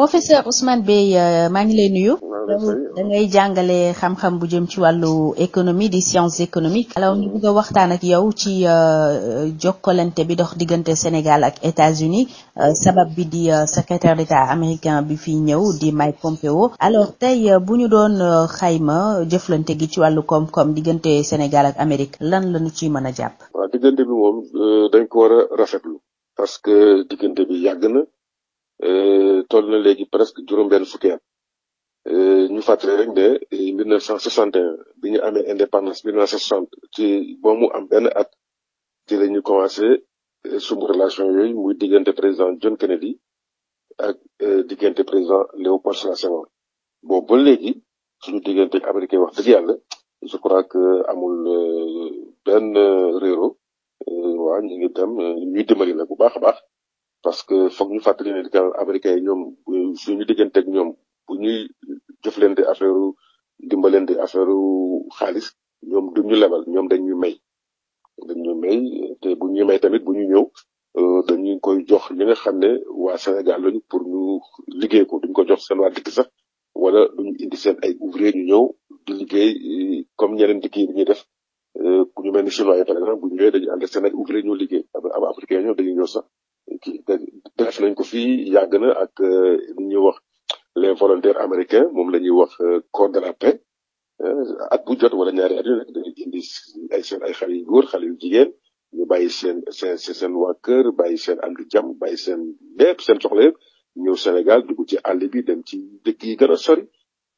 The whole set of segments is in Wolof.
professeur Ousmane Beye euh, maa ngi lay nuyu da ngay jàngale xam-xam bu jëm ci wàllu économie di science économique alors ñu bëgg waxtaan ak yow ci euh, jokkalante bi dox diggante Sénégal ak États-Unis euh, sabab bi di secrétaire d'État américain bi fi ñëw di Mike Pompeo alors tey bu ñu doon xayma jëflante gi ci wàllu koom-koom diggante Sénégal ak Amérique lan la ñu ciy mën a jàpp diggante bi moom dañ ko war a rafetlu parce que diggante bi yàgg na Euh, toll na presque juróom-benn fukki at euh, ñu fàttali rek ne 1961 euh, bi ñu amee indépendance 1960 ci boo mu am benn at ci la ñu commencé suñu relation yooyu muy diggante président John Kennedy ak diggante président Léopold Sédar Senghor boobu ba léegi suñu diggante américain wax dëgg yàlla je crois que amul benn réero wa ñu ngi dem ñuy dimbali la bu baax a baax parce que foog ñu fàttali ne daal américains yi ñoom suñu digganteeg ñoom bu ñuy jëflante affaire dimbalante affaire xaalis ñoom du ñu lebal ñoom dañuy may dañuy may te bu ñuy may tamit bu ñu ñëw euh, dañu koy jox ñi nga xam ne waa Sénégal lañu pour ñu liggéey ko duñ ko jox seen wa dëkk sax wala duñu indi seen ay ouvrier ñu ñëw di liggéey euh, comme ñeneen dëkk yi def euh, ku ñu mel ni chinois yi par exemple bu ñëwee dañuy ànd seen ay ouvrier ñu liggéey am sax def nañ ko fii yàgg na ak li euh, ñuy wax les volontaires américains moom la ñuy wax euh, corps de la paix euh, at bu jot wala ñaari at yu nekk dañuy indi ay seen ay xale yu góor xale yu jigéen ñu bàyyi seen seen seen waa bàyyi seen am di jàmm seen lépp seen soxla yëpp ñëw Sénégal dugg ci àll bi dem ci dëkk yi gën a sori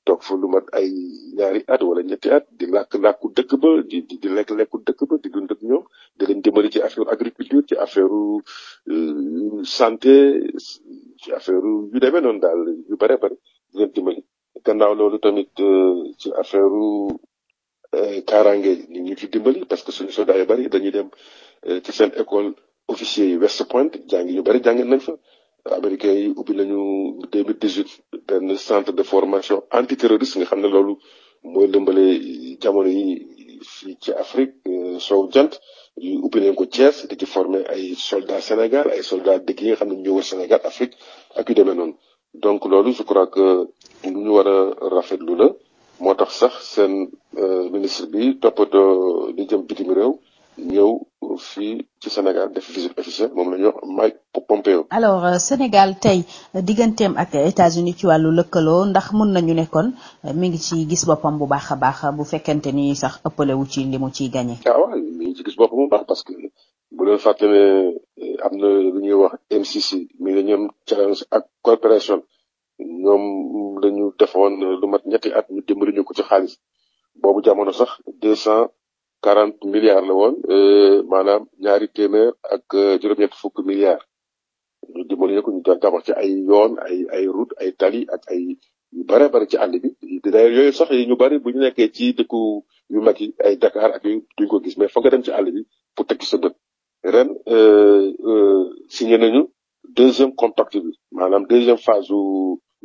toog fo lu mat ay ñaari at wala ñetti at di làkk làkku dëkk ba di di lekk lekku dëkk ba di dund ñoom da leen dimbali ci affaire agriculture ci affaire euh, santé ci affaire yu demee noonu daal yu bare bare di leen dimbali gannaaw loolu tamit euh, ci affaire euh, kaaraange ñu ngi ci dimbali parce que suñu soldat yu bari dañuy dem ci seen école officier yi West Point jàngi ñu bari jàngi nañ fa américains yi ubbi nañu deux dix huit benn centre de formation antiterroriste nga xam ne loolu mooy lëmbale jamono yi fii ci Afrique sow jant ubbi nañ ko Thiès di ci ay soldats Sénégal ay soldats dëkk yi nga xam ne ñoo wër Sénégal Afrique ak yu demee donc loolu je crois que lu ñu war a rafetlu la moo tax sax seen euh, ministre bi toppatoo di jëm bitim réew. ñëw fii ci Sénégal def moom la ñuy wax Mike Pompeo. alors euh, Sénégal tey euh, digganteem ak États-Unis ci wàllu lëkkaloo ndax mun nañu ne kon euh, mi ngi ci gis boppam bu baax a baax bu fekkente ni sax ëppale wu ci li mu ciy gagné. ah waaw mi ci gis boppam baax parce que bu leen fàtte am na lu ñuy wax MCC Millennium Challenge ak Corporation ñoom la ñu defoon lu mat ñetti at ñu dimbali ñu ko ci xaalis boobu jamono sax deux cent. quarante milliards la woon euh, maanaam ñaari téeméer ak euh, juróom-ñett fukk milliards ñu dimbali ko ñu doon ci ay yoon ay ay route ay tali ak ay bare bare ci àll bi d'ailleurs sax yi ñu bari bu ñu nekkee ci dëkku yu mag yi ay Dakar ak yu duñ ko gis mais foog dem ci àll bi pour tekki sa bët ren euh, signé nañu deuxième compact bi maanaam deuxième phase u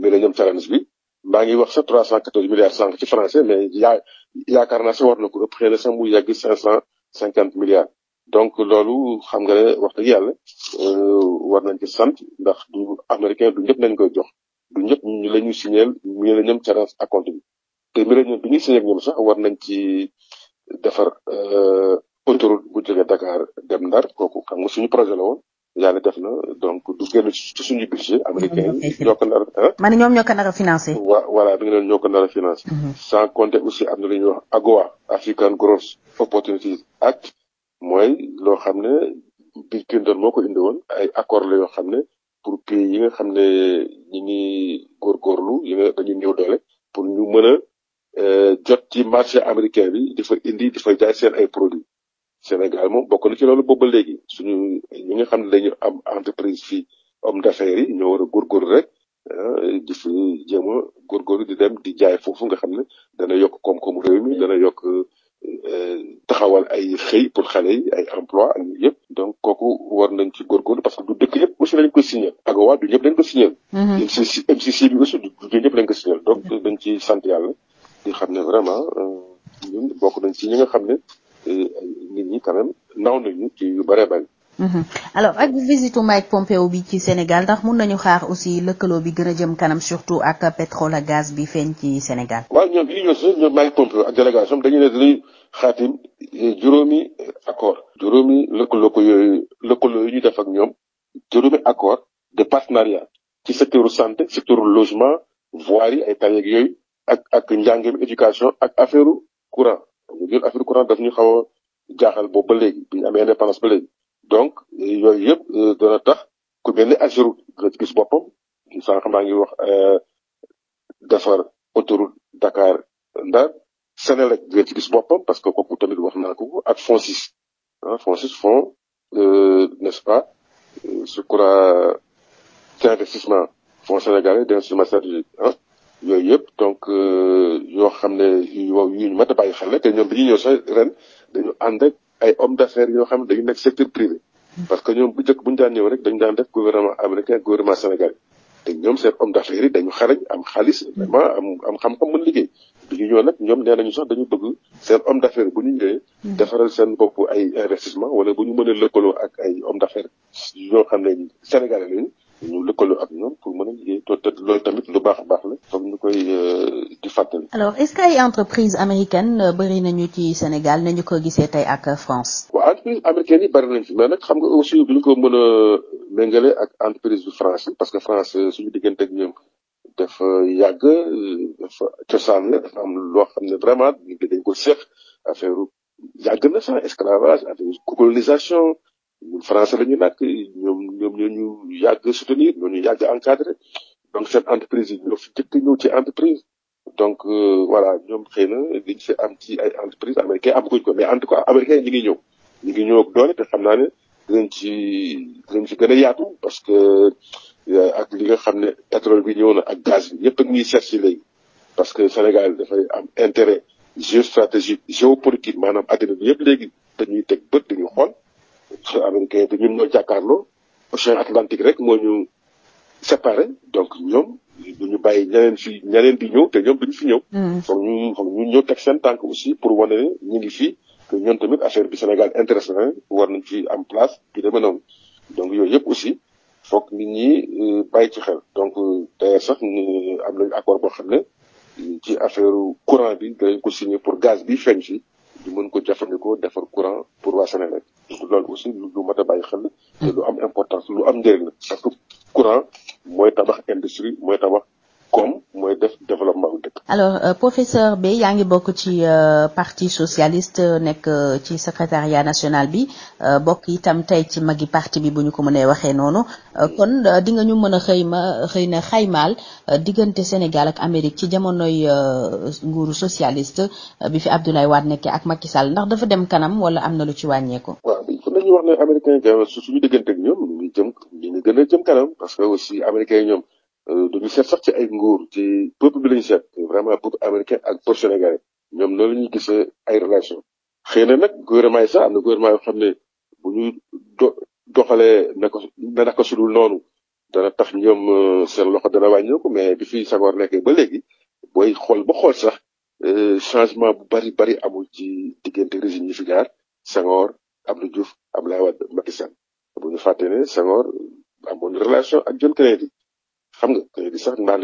Millennium Challenge bi maa ngi wax sa 314 milliards sànq ci français mais yaa yaakaar naa si war na ko ëpp xëy na sax mu yàgg 550 milliards. donc loolu xam nga ne wax dëgg yàlla euh, war nañ ci sant ndax du américain du ñëpp nañ koy jox du ñëpp ñu la ñu signal ñu la ñoom carence à compte bi te mi la ñoom bi ñuy signal ñoom sax war nañ ci defar euh, autoroute bu jógee Dakar dem Ndar kooku xam nga suñu projet la woon yàlla def na donc du génn suñu budget américain yi ñoo ko a ma ne ñoom ñoo ko financé wa voilà bi nga leen ñoo ko nar a financé mm-hmm. sans compter aussi am na lu ñuy wax AGOA African Growth Opportunities Act mooy loo xam ne Bill Clinton moo ko indi woon ay accord la yoo xam ne pour pays yi nga xam ne ñi ngi góorgóorlu yi nga doole pour ñu mën a euh, jot ci marché américain bi di fa indi di fa seen ay produits Sénégal moom bokk na ci loolu boobu ba léegi suñu ñi nga xam ne dañu am entreprise fii homme d'affaires yi ñoo war a góorgóorlu rek euh, di fi jéem a góorgóorlu di dem di jaay foofu nga xam ne dana yokk koom-koomu réew mi dana yokk euh, taxawal ay xëy pour xale yi ay emploi ak yëpp donc kooku war nañ ci góorgóorlu parce que du dëkk yëpp aussi lañ ko signé AGOA du ñëpp lañ ko signé MCC mm-hmm. MCC bi aussi du ñëpp lañ ko signé donc dañ ci sant yàlla di xam ne vraiment euh, ñun bokk nañ ci ñi nga xam ne nit ñi quand même naw nañu ci yu bëree bëri. Mhm. alors ak visitu Mike Pompeo bi ci Sénégal ndax mun nañu xaar aussi lëkkaloo bi gën a jëm kanam surtout ak pétrole a gaz bi feeñ ci Sénégal. waaw ñoom bi ñoom Mike Pompeo ak délégation dañu ne dañuy xaatim eh, juróomi eh, accord juróomi lëkkaloo ko yooyu ñu def ñoom juróomi accord de partenariat ci secteur santé secteur logement voirie ak yooyu éducation ak affaire courant. ñun courant daf ñu xaw a jaaxal boobu ba léegi bi ñu amee indépendance ba léegi donc euh, yooyu yëpp euh, dana tax ku mel gis boppam sànq maa ngi wax euh, defar autoroute Dakar Ndar Sénélec dina ci gis boppam parce que kooku wax na ak FONSIS ah FONSIS fonds n'est-ce pas je crois d'investissement fonds sénégalais d'investissement stratégique yooyu yëpp donc euh, yoo xam ne yu ñu mat a bàyyi xel la te ñoom bi ñu ñëw sax ren dañu ànd ak ay homme d'affaires yoo xam ne dañu nekk secteur privé. Hmm. parce que ñoom bu njëkk bu ñu daan ñëw rek dañu daan def gouvernement américain gouvernement sénégalais te ñoom seen homme d'affaires yi dañu xarañ am xaalis hmm. vraiment am am xam-xam mën liggéey bi ñu ñëw nag ñoom nee ñu sax dañu bëgg seen homme d'affaires bu ñu ñëwee. Hmm. defaral seen bopp ay investissement wala bu ñu mënee lëkkaloo ak ay homme d'affaires yoo xam ne sénégalais lañu. ñu lëkkaloo ak ñoom a liggéey te te loolu tamit lu baax a baax la comme ñu koy euh, di fàttali. alors est-ce que ay entreprises américaines euh, bëri nañu ci Sénégal nañu ko gisee tey ak France. waaw entreprises américaines yi bëri nañ fi mais nag xam nga aussi duñu ko mën a méngale ak entreprise bu France parce que France euh, suñu diggante ak ñoom. dafa yàgg dafa cosaan la dafa am loo xam ne vraiment dañ ko seq affaire yàgg na sax esclavage colonisation ñun français la ñu nag ñoom ñoom ñoo ñu yàgg soutenir ñoo ñu yàgg encadré donc seen entreprise yi ñoo ci entreprise donc euh, voilà ñoom xëy na liñ am ci ay entreprise américain am kuñ ko mais en tout cas américain ñi ngi ñëw ñi ngi ñëw ak doole te xam naa ne dinañ ci dinañ yaatu parce que euh, ak li nga xam ne pétrole bi ñëw na ak gaz bi ñëpp ak ñuy cherché léegi parce que Sénégal dafay am intérêt géostratégique géopolitique maanaam àddina bi yëpp léegi dañuy teg bët dañuy xool américain te ñun ñoo jàkkaarloo océan Atlantique rek moo ñu séparé donc ñoom duñu bàyyi ñeneen fi ñeneen di ñëw te ñoom duñu fi ñëw mm. foog ñu foog ñu ñëw seen tànk aussi pour wane ne ñu ngi fii te ñoom tamit affaire bi Sénégal intéressé na war nañ fi am place bi demee noonu donc yooyu yëpp aussi foog nit ñi euh, bàyyi ci xel donc euh, d'ailleurs sax am nañu accord boo xam ne ci affaire courant bi dinañ ko signé pour gaz feeñ fi ñu mën ko jëfandikoo defar courant pour waa Sénégal loolu aussi lu mat a xel lu am importance lu am njëriñ la. parce courant mooy tabax industrie mooy tabax. comme mooy def développement bu dëkk. Euh, professeur Beye yaa ngi bokk ci euh, parti socialiste euh, nekk euh, ci secrétariat national bi euh, bokk itam tey ci magi parti bi bu ñu ko mënee waxee noonu kon di nga ñu mën a xëy ma xëy na xaymaal diggante Sénégal ak Amérique ci jamonoy nguuru socialiste bi fi Abdoulaye Wade nekkee ak Macky Sall ndax dafa dem kanam wala am na lu ci wàññeeku. ñuy wax ne américain yi su suñu diggante ak ñoom ñu ngi jëm ñu ngi gën a jëm kanam parce que aussi américain yi ñoom euh, duñu seet sax ci ay nguur ci peuple bi set vraiment peuple américain ak peuple sénégalais ñoom noonu la ñuy ay relation xëy na nag gouvernement yi sax am na gouvernement yoo xam ne bu ñu do doxalee na ko na naka sudul noonu dana tax ñoom euh, seen loxo dana wàññeeku mais bi fi Senghor nekkee ba léegi booy xool ba xool sax euh, changement bu bari bari amul ci diggante régime yi fi jaar Senghor Abdou Diouf Abdoulaye Wade Macky Sall bu ñu fàtte ne Senghor amoon relation ak John Kennedy xam nga Kennedy sax ndax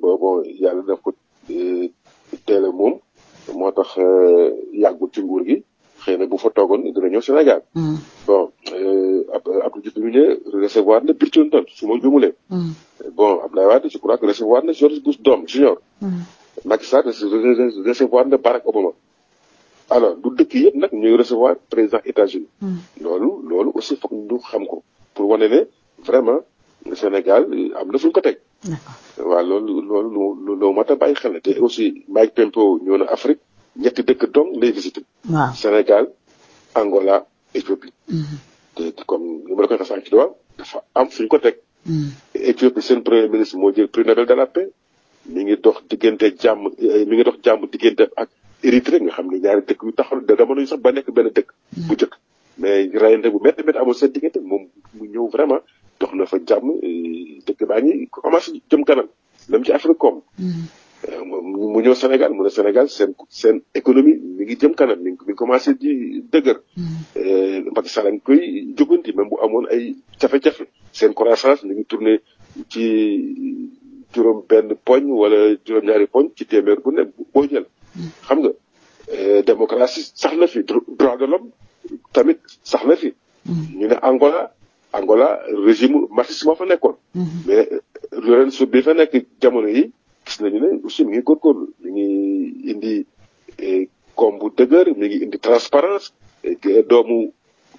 bo bon yàlla daf ko euh, teel a moo tax euh, yàggul ci nguur gi xëy na bu fa toogoon dina ñëw Sénégal. Hmm. bon euh, Abdou Diouf bi mu ñëwee recevoir na Bill Clinton su ma jumulee. Hmm. junior. Hmm. Macky Sall recevoir na Obama. alors du dëkk yëpp nag ñooy recevoir président États-Unis hmm. loolu loolu aussi foog ñu xam ko pour wane ne vraiment Sénégal am na fu ko teg waaw loolu loolu loolu moo tax bàyyi xel te aussi Mike Pompeo ñëw na Afrique ñetti dëkk dong lay visité Sénégal Angola Éthiopie hmm. te comme ni la koy waxee sànq ci doon dafa ko teg hmm. Éthiopie seen premier moo jël prix Nobel de la paix mi ngi dox diggante jàmm mi ngi dox jàmm diggante ak Érythrée nga xam ne ñaari dëkk yu taxaw da jamono yi sax ba nekk benn dëkk bu hmm. njëkk mais rayante bu métti métti amul seen diggante moom mu ñëw vraiment dox na fa jàmm dëkk baa ngi commencé jëm kanam même ci Africom hmm. mu ñëw Sénégal mu Sénégal seen seen économie mi ngi jëm kanam mi ngi mi ngi commencé di dëgër. Hmm. Euh, Macky Sall a ngi koy bu amoon ay jafe-jafe seen croissance mi ngi tourné ci juróom benn poñ wala juróom-ñaari poñ ci téeméer bu ne boo jël. xam nga euh, démocratie sax na fi droit de l'homme tamit sax na fi. Mm-hmm. ñu ne Angola Angola régime marxiste moo fa nekkoon. Mm-hmm. mais Lourenço bi fa nekk jamono yi gis ne aussi mi ngi góorgóorlu mi ngi eh, bu dëgër mi ngi indi transparence doomu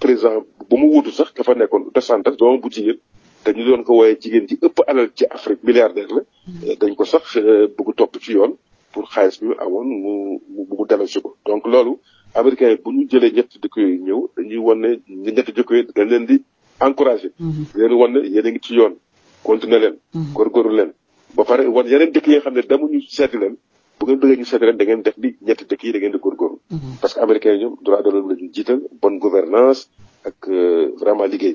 président bu mu wutu sax dafa nekkoon de santas doomu bu jigéen te ñu doon ko wooyee jigéen ji ëpp alal ci Afrique milliardaire la. Mm-hmm. Eh, dañ ko sax eh, bëgg topp ci yoon. pour xaalis bi amoon mu mu dellusi ko donc loolu américains bu ñu jëlee ñetti dëkk yooyu ñëw dañuy wan ne ñetti dëkk yooyu dañ leen di encouragé mhm. leen wan ne ngi ci yoon continuer leen mhm. góorgóorlu leen ba pare wan yeneen dëkk yi xam ne demuñu seeti leen bu ngeen bëggee ñu seeti leen da def li ñett dëkk yi da ngeen mhm. parce que américains yi ñoom droit de l'homme la ñu jiital bonne gouvernance ak euh, vraiment liggéey.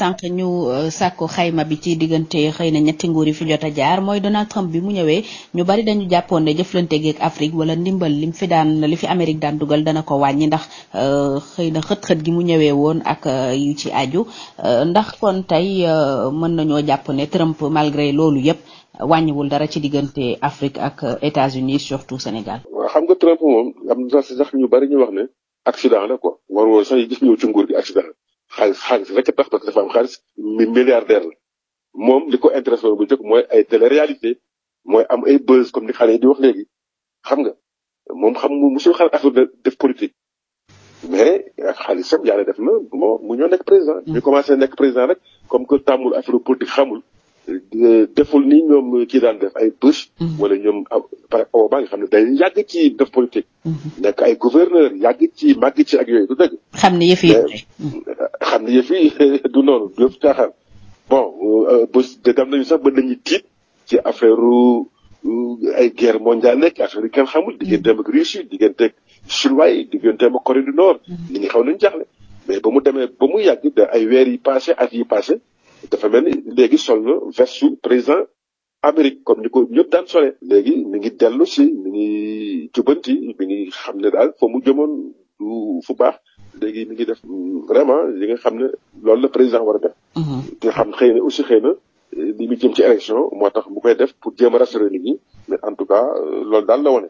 sànq ñu euh, sàkku xayma bi ci diggante xëy na ñetti nguur yi fi jot a jaar mooy Donald Trump bi mu ñëwee ñu bari dañu jàppoon ne jëflante geeg Afrique wala ndimbal lim fi daan li fi Amérique daan dugal dana ko wàññi ndax euh, xëy na xët-xët gi mu ñëwee woon ak ci aju ndax kon tey mën nañoo jàpp ne Trump malgré loolu yépp wàññiwul dara ci diggante Afrique ak États-Unis surtout Sénégal. xam nga Trump moom am na ñu bari ñu wax ne. accident la quoi waroo sax yi gis ñëw ci nguur gi accident la xaalis xaalis rek tax parce que dafa am xaalis mi milliardaire la moom li ko intéressé bu njëkk mooy ay télé réalité mooy am ay buzz comme ni xale yi di wax léegi xam nga moom xam mu musul xalaat affaire def politique mais ak xaalisam yàlla def na bon mu ñoo nekk président ñu mm. commencé nekk président rek comme que tàmmul affaire politique xamul Euh, deful ni ñoom euh, kii daan def ay Bush. Mm-hmm. wala ñoom a Obama nga xam ne day yàgg ci def politique. Mm-hmm. nekk ay gouverneur yàgg ci màgg ci ak yooyu du dëgg. xam ne yëf yi euh, xam ne yëf yi du noonu du yëf caaxaan. bon Bush de dem nañu sax ba dañuy tiit ci affaire ay guerre mondiale nekk affaire yu kenn xamul. Mm-hmm. digganteem ak Russie digganteeg Chinois yi digganteem ak Corée du Nord. nit ñi xaw nañu jaaxle mais ba mu demee ba mu yàgg ay weer yi passé at yi passé. dafa mel ni léegi sol na versu président Amérique comme ni ko ñëpp daan sole léegi mi ngi dellu si mi ngi jubanti mi ngi xam ne daal fa mu jëmoon du fu baax léegi mi ngi def vraiment li nga xam ne loolu la président war a def. Mhm. xam xëy aussi xëy na li mu ci élection moo tax mu koy def pour jéem a rassurer nit en tout cas loolu la wone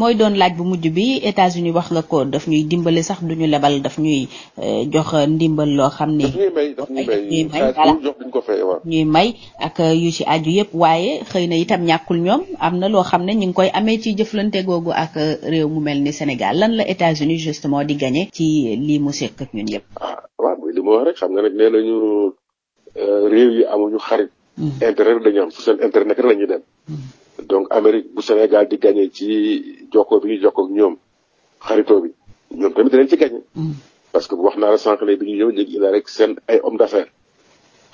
mooy doon laaj bu mujj bi États-Unis wax nga ko daf ñuy dimbali sax du ñu lebal daf ñuy euh, jox ndimbal loo xam ne. ñuy may ko fay ñuy may ak yu ci aju yëpp waaye xëy na itam ñàkkul ñoom am na loo xam ne ñu ngi koy amee ci jëflante googu ak euh, réew mu mel ni Sénégal lan la États-Unis justement di gagné ci lii mu sekk ñun yëpp. ah waaw mooy li wax rek xam nga nag Euh, réew yi amuñu xarit. Mm. intérêt rek dañu am fu seen intérêt nekk rek la ñuy dem. Mm. donc Amérique bu Sénégal di gagné ci joko bi ñu jokkoo ak ñoom xaritoo bi ñoom tamit dinañ ci gagné. Mm. parce que wax naa la bi ñu ñëw léegi il a rek seen ay hommes d'affaires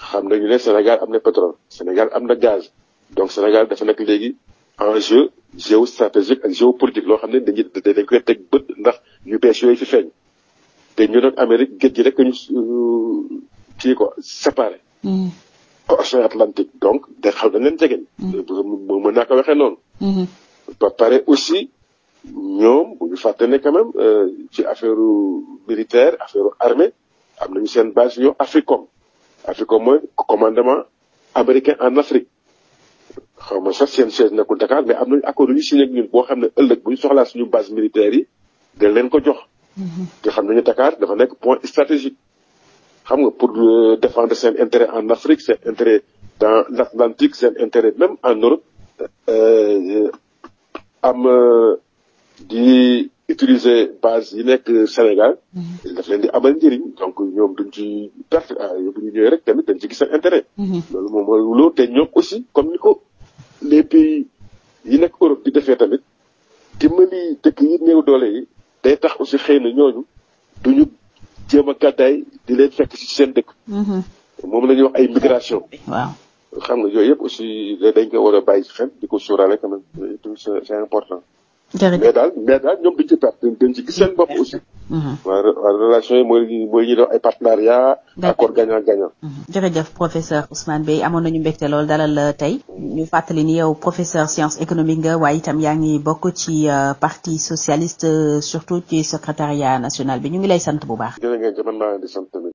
xam ñu ne Sénégal am na pétrole Sénégal am na gaz donc Sénégal dafa nekk léegi enjeu géostratégique ak géopolitique loo xam ne dañuy dañ koy bët ndax yu bees yooyu fi feeñ te ñu nag Amérique géej gi rek ñu euh, kii ko océan Atlantique donc da xam na leen jege. mën mm-hmm. naa ko waxee noonu. Mm-hmm. ba pare aussi ñoom bu ñu fàtte ne quand euh, ci affaire militaire affaire armée am nañu seen base yu AFRICOM AFRICOM mooy commandement américain en Afrique. xaw ma sax seen siège nekkul Dakar mais am nañu accord yu ñu signé ak ñun ne ëllëg bu ñu suñu base militaire yi dañ leen ko jox. Mm-hmm. te xam nañu Dakar dafa nekk point stratégique. xam nga pour euh, défendre seen intérêt en Afrique seen intérêt dans l'Atlantique seen intérêt même en Europe euh, am euh, di utiliser base yi nekk Sénégal mm-hmm. daf leen di amal njëriñ donc ñoom duñ ci perte ah, bu ñu dañ ci gis seen intérêt mm-hmm. loolu moom ñoom aussi comme ni ko les pays yi nekk Europe di defee tamit dimbali dëkk yi néew doole yi day tax aussi xëy na ñooñu duñu jéem a gàddaay di leen fekk si seen dëkk. Mhm. moom la ñuy wax ay migration. waaw xam nga yooyu yëpp aussi dañ ko war a bàyyi si xel di ko suuraale quand même c'est important. mais daal ñoom dañ ci perte dañ ci gis seen bopp aussi. Mm-hmm. waaw relation yi mooy mooy ñuy def ay partenariat accord gagnant gagnant mm-hmm. jërëjëf professeur Ousmane Beye amoon nañu mbégte lool dalal la euh, tey ñu fàttali ni yow professeur science économique nga waaye itam yaa ngi bokk ci euh, parti socialiste euh, surtout ci secrétariat national bi ñu ngi lay sant bu baax